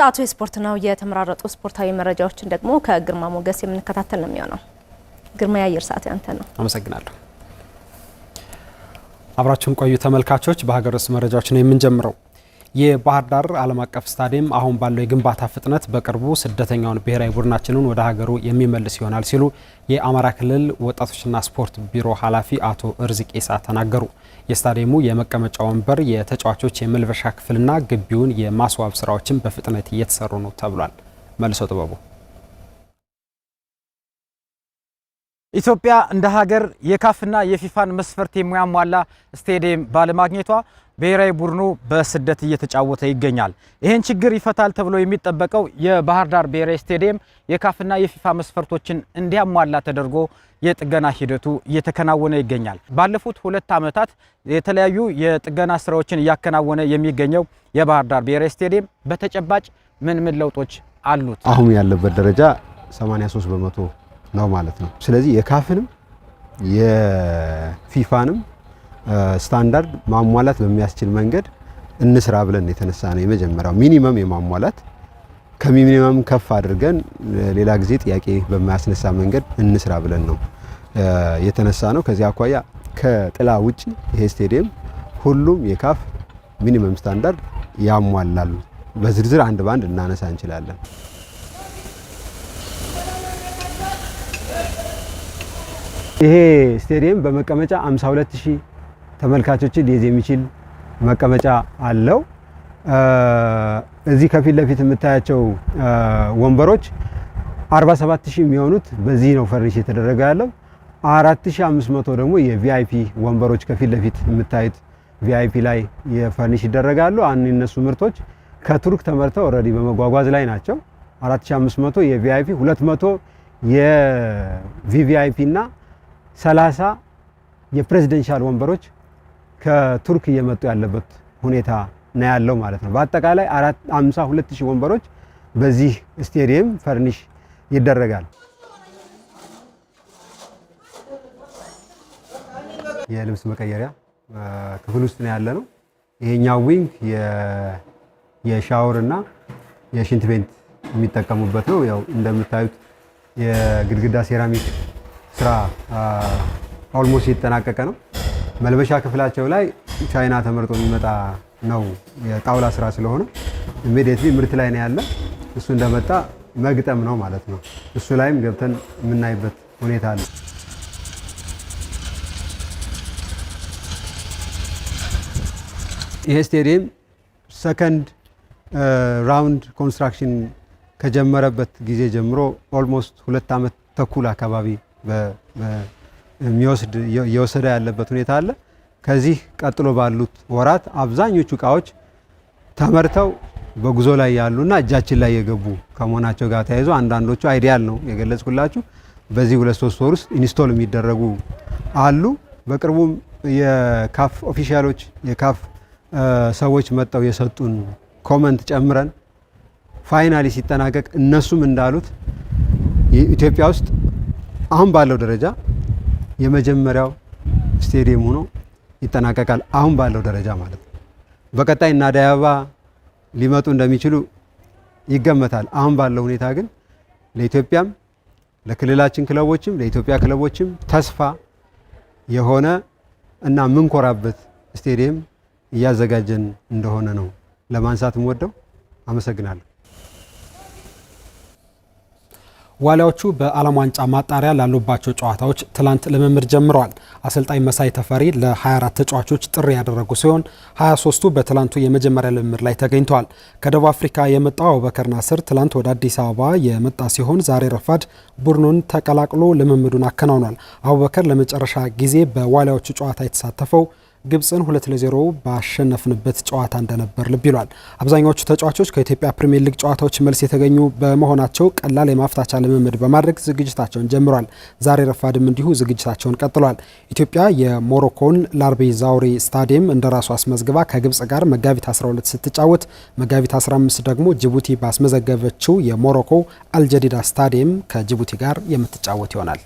ሰዓቱ የስፖርት ነው። የተመራረጡ ስፖርታዊ መረጃዎችን ደግሞ ከግርማ ሞገስ የምንከታተል ነው የሚሆነው። ግርማ፣ የአየር ሰዓት ያንተ ነው። አመሰግናለሁ። አብራችሁን ቆዩ ተመልካቾች። በሀገር ውስጥ መረጃዎች ነው የምንጀምረው። የባህር ዳር ዓለም አቀፍ ስታዲየም አሁን ባለው የግንባታ ፍጥነት በቅርቡ ስደተኛውን ብሔራዊ ቡድናችንን ወደ ሀገሩ የሚመልስ ይሆናል ሲሉ የአማራ ክልል ወጣቶችና ስፖርት ቢሮ ኃላፊ አቶ እርዝቅ ኢሳ ተናገሩ። የስታዲየሙ የመቀመጫ ወንበር፣ የተጫዋቾች የመልበሻ ክፍልና ግቢውን የማስዋብ ስራዎችን በፍጥነት እየተሰሩ ነው ተብሏል። መልሶ ጥበቡ ኢትዮጵያ እንደ ሀገር የካፍና የፊፋን መስፈርት የሚያሟላ ስቴዲየም ባለማግኘቷ ብሔራዊ ቡድኑ በስደት እየተጫወተ ይገኛል። ይህን ችግር ይፈታል ተብሎ የሚጠበቀው የባህር ዳር ብሔራዊ ስቴዲየም የካፍና የፊፋ መስፈርቶችን እንዲያሟላ ተደርጎ የጥገና ሂደቱ እየተከናወነ ይገኛል። ባለፉት ሁለት ዓመታት የተለያዩ የጥገና ስራዎችን እያከናወነ የሚገኘው የባህር ዳር ብሔራዊ ስቴዲየም በተጨባጭ ምን ምን ለውጦች አሉት? አሁን ያለበት ደረጃ 83 በመቶ ነው ማለት ነው። ስለዚህ የካፍንም የፊፋንም ስታንዳርድ ማሟላት በሚያስችል መንገድ እንስራ ብለን የተነሳ ነው። የመጀመሪያው ሚኒመም የማሟላት ከሚኒመም ከፍ አድርገን ሌላ ጊዜ ጥያቄ በማያስነሳ መንገድ እንስራ ብለን ነው የተነሳ ነው። ከዚህ አኳያ ከጥላ ውጭ ይሄ ስቴዲየም ሁሉም የካፍ ሚኒመም ስታንዳርድ ያሟላሉ። በዝርዝር አንድ በአንድ እናነሳ እንችላለን። ይሄ ስቴዲየም በመቀመጫ 52000 ተመልካቾችን ሊይዝ የሚችል መቀመጫ አለው። እዚህ ከፊት ለፊት የምታያቸው ወንበሮች 47 የሚሆኑት በዚህ ነው ፈርኒሽ የተደረገ ያለው። 4500 ደግሞ የቪአይፒ ወንበሮች ከፊት ለፊት የምታዩት ቪአይፒ ላይ የፈርኒሽ ይደረጋሉ። አን እነሱ ምርቶች ከቱርክ ተመርተው ኦልሬዲ በመጓጓዝ ላይ ናቸው። 4500 የቪአይፒ 200 የቪቪአይፒ እና 30 የፕሬዚደንሻል ወንበሮች ከቱርክ እየመጡ ያለበት ሁኔታ ነው ያለው ማለት ነው። በአጠቃላይ 52 ሺህ ወንበሮች በዚህ ስቴዲየም ፈርኒሽ ይደረጋል። የልብስ መቀየሪያ ክፍል ውስጥ ነው ያለ ነው። ይሄኛው ዊንግ የሻወር እና የሽንት ቤት የሚጠቀሙበት ነው። ያው እንደምታዩት የግድግዳ ሴራሚክ ስራ ኦልሞስት የተጠናቀቀ ነው። መልበሻ ክፍላቸው ላይ ቻይና ተመርጦ የሚመጣ ነው የጣውላ ስራ ስለሆነ ኢሚዲየትሊ ምርት ላይ ነው ያለ። እሱ እንደመጣ መግጠም ነው ማለት ነው። እሱ ላይም ገብተን የምናይበት ሁኔታ አለ። ይሄ ስቴዲየም ሰከንድ ራውንድ ኮንስትራክሽን ከጀመረበት ጊዜ ጀምሮ ኦልሞስት ሁለት ዓመት ተኩል አካባቢ የሚወስድ እየወሰደ ያለበት ሁኔታ አለ። ከዚህ ቀጥሎ ባሉት ወራት አብዛኞቹ እቃዎች ተመርተው በጉዞ ላይ ያሉና እጃችን ላይ የገቡ ከመሆናቸው ጋር ተያይዞ አንዳንዶቹ አይዲያል ነው የገለጽኩላችሁ። በዚህ ሁለት ሶስት ወር ውስጥ ኢንስቶል የሚደረጉ አሉ። በቅርቡም የካፍ ኦፊሻሎች የካፍ ሰዎች መጥተው የሰጡን ኮመንት ጨምረን ፋይናሊ ሲጠናቀቅ እነሱም እንዳሉት ኢትዮጵያ ውስጥ አሁን ባለው ደረጃ የመጀመሪያው ስቴዲየም ሆኖ ይጠናቀቃል። አሁን ባለው ደረጃ ማለት ነው። በቀጣይ እና አዲስ አበባ ሊመጡ እንደሚችሉ ይገመታል። አሁን ባለው ሁኔታ ግን ለኢትዮጵያም ለክልላችን ክለቦችም ለኢትዮጵያ ክለቦችም ተስፋ የሆነ እና ምንኮራበት ስቴዲየም እያዘጋጀን እንደሆነ ነው ለማንሳት ወደው አመሰግናለሁ። ዋሊያዎቹ በዓለም ዋንጫ ማጣሪያ ላሉባቸው ጨዋታዎች ትላንት ልምምድ ጀምረዋል። አሰልጣኝ መሳይ ተፈሪ ለ24 ተጫዋቾች ጥሪ ያደረጉ ሲሆን 23ቱ በትላንቱ የመጀመሪያ ልምምድ ላይ ተገኝተዋል። ከደቡብ አፍሪካ የመጣው አቡበከር ናስር ትላንት ወደ አዲስ አበባ የመጣ ሲሆን ዛሬ ረፋድ ቡድኑን ተቀላቅሎ ልምምዱን አከናውኗል። አቡበከር ለመጨረሻ ጊዜ በዋሊያዎቹ ጨዋታ የተሳተፈው ግብፅን ሁለት ለዜሮ ባሸነፍንበት ጨዋታ እንደነበር ልብ ይሏል። አብዛኛዎቹ ተጫዋቾች ከኢትዮጵያ ፕሪምየር ሊግ ጨዋታዎች መልስ የተገኙ በመሆናቸው ቀላል የማፍታቻ ልምምድ በማድረግ ዝግጅታቸውን ጀምሯል። ዛሬ ረፋድም እንዲሁ ዝግጅታቸውን ቀጥሏል። ኢትዮጵያ የሞሮኮን ላርቢ ዛውሪ ስታዲየም እንደራሱ አስመዝግባ ከግብፅ ጋር መጋቢት 12 ስትጫወት፣ መጋቢት 15 ደግሞ ጅቡቲ ባስመዘገበችው የሞሮኮ አልጀዲዳ ስታዲየም ከጅቡቲ ጋር የምትጫወት ይሆናል።